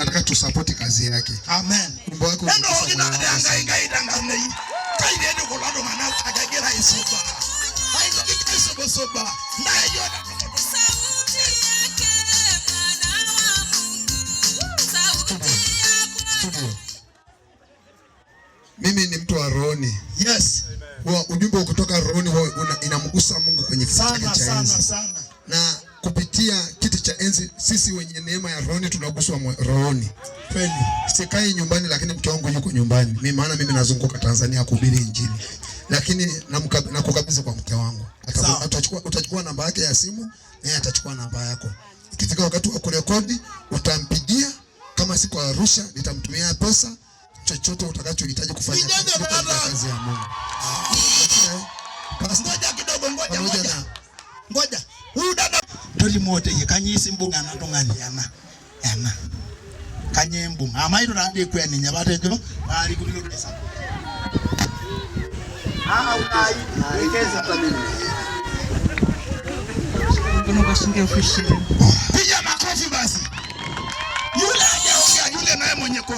nataka tusapoti kazi yake. Amen. Mimi ni mtu wa rohoni. Yes. Wa ujumbe kutoka rohoni inamgusa Mungu kwenye kichwa cha na kupitia cha enzi, sisi wenye neema ya rohoni tunaguswa rohoni kweli. Sikai nyumbani, lakini mke wangu yuko nyumbani mimi, maana mimi nazunguka Tanzania kuhubiri Injili, lakini nakukabidhi kwa mke wangu. Atachukua, utachukua namba yake ya simu, naye atachukua namba yako. Ikifika wakati wa kurekodi, utampigia. Kama siko Arusha, nitamtumia pesa, chochote utakachohitaji kufanya kazi ya Mungu. tolimote ye kanyisi mbungana tongani yana yana kanye mbunga amaitu randi kweni nyabate jo bali kulilo pesa aa utai wekeza tamini kuno kashinge ofisi